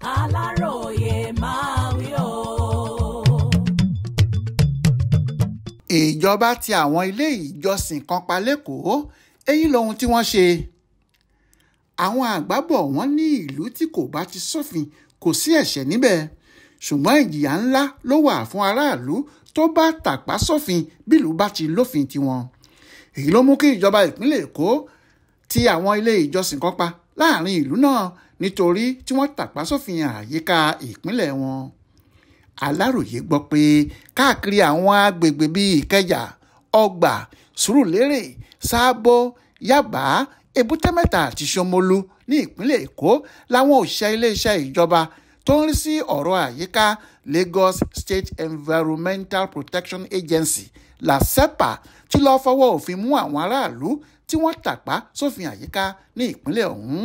aláròye máa wí o. ìjọba ti àwọn ilé ìjọsìn kan pa lẹ́kọ̀ọ́ èyí lohun tí wọ́n ṣe àwọn àgbà bọ̀ wọ́n ní ìlú tí kò bá ti sófin kò sí ẹ̀ṣẹ̀ níbẹ̀ ṣùgbọ́n ìjìyà ńlá ló wà fún aráàlú tó bá tàpá sófin bílùú bá ti lófin tiwọn èyí ló mú kí ìjọba ìpínlẹ̀ èkó ti àwọn ilé ìjọsìn kan pa láàrin ìlú náà nítorí tí wọ́n tàpá sófin àyíká ìpínlẹ̀ wọn. aláròye gbọ́ pé káàkiri àwọn agbègbè bíi ìkẹjà ọgbà sùúrùlérè sáàbọ yàbá èbútémẹ́ta àti ṣomolu ní ìpínlẹ̀ èkó làwọn òṣìṣẹ́ iléeṣẹ́ ìjọba tó ń rí sí ọ̀rọ̀ àyíká Lagos State Environmental Protection Agency LASEPA ti lọ́ọ́ fọwọ́ òfin mú àwọn aráàlú tí wọ́n tàpá sófin àyíká ní ìpínlẹ̀ ọ̀hún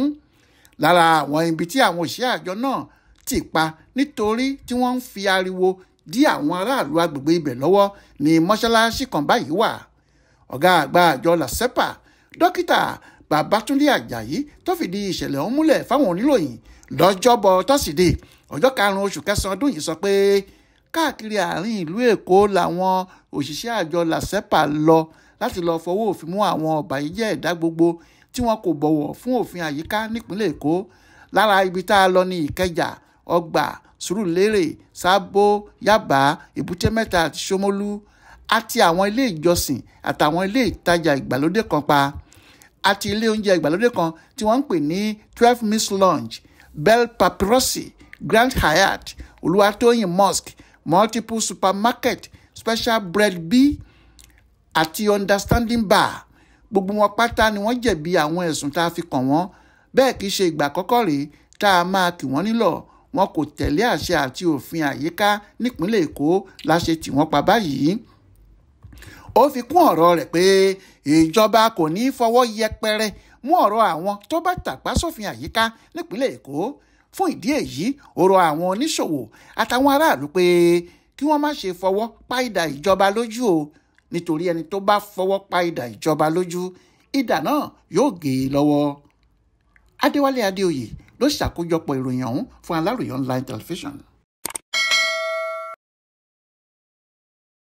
lára àwọn ibi tí àwọn òṣìṣẹ́ àjọ náà ti pa nítorí tí wọ́n ń fi ariwo dí àwọn aráàlú agbègbè ibẹ̀ lọ́wọ́ ní mọ́ṣáláṣí kan báyìí wà ọ̀gá àgbà àjọ làṣẹ́pà dókítà Babátúndé Àjàyí tó fìdí ìṣẹ̀lẹ̀ ọ̀hún múlẹ̀ fáwọn oníròyìn lọ́jọ́bọ̀ tọ́sídẹ̀ẹ́ ọjọ́ karùn-ún oṣù kẹsàn-án ọdún yìí sọ pé káàkiri àárín ìlú Èkó làwọn òṣìṣẹ́ àjọ làṣẹ́pà lọ láti lọ́ọ́ fọwọ́ òfin mú àwọn ọ̀bàyéjẹ́ ẹ̀dá gbogbo tí wọn kò bọ̀wọ̀ fún òfin àyíká nípínlẹ̀ Èkó lára ibi tá a lọ ní Ìkẹjà Ọgbà Sùúrùlérè Sábó Yábà Èbúté Mẹ́ta àti Ṣómólú àti àwọn ilé ìjọsìn àtàwọn ilé ìtajà ìgbàlódé kan pa àti ilé oúnjẹ ìgbàlódé kan tí wọ́n ń pè ní twelve miss lounge bell papirosi grand hyatt olúwatóyìn mosque multiple supermarket special bread b àti understanding bar gbogbo wọn pátá ni wọ́n jẹ̀bi àwọn ẹ̀sùn tá a fi kàn wọ́n bẹ́ẹ̀ kì í ṣe ìgbà àkọ́kọ́ rèé tá a máa kì wọ́n nílọ̀ wọn kò tẹ̀lé àṣẹ àti òfin àyíká nípínlẹ̀ èkó la ṣe tì wọ́n pa báyìí ó fi kún ọ̀rọ̀ rẹ̀ pé ìjọba kò ní í fọwọ́ yẹpẹrẹ mú ọ̀rọ̀ àwọn tó bá tàpá sófin àyíká nípínlẹ̀ èkó fún ìdí èyí ọ̀rọ̀ àwọn oníṣòwò àtàwọn aráàlú pé kí wọ́n má ṣe fọwọ́ páìdà ìjọba lójú o nítorí ẹni tó bá fọwọ́ pa idà ìjọba lójú idà náà yóò gé e lọ́wọ́. Adéwálé Adéoyè ló ṣàkójọpọ̀ ìròyìn ọ̀hún fún Aláròyé online television.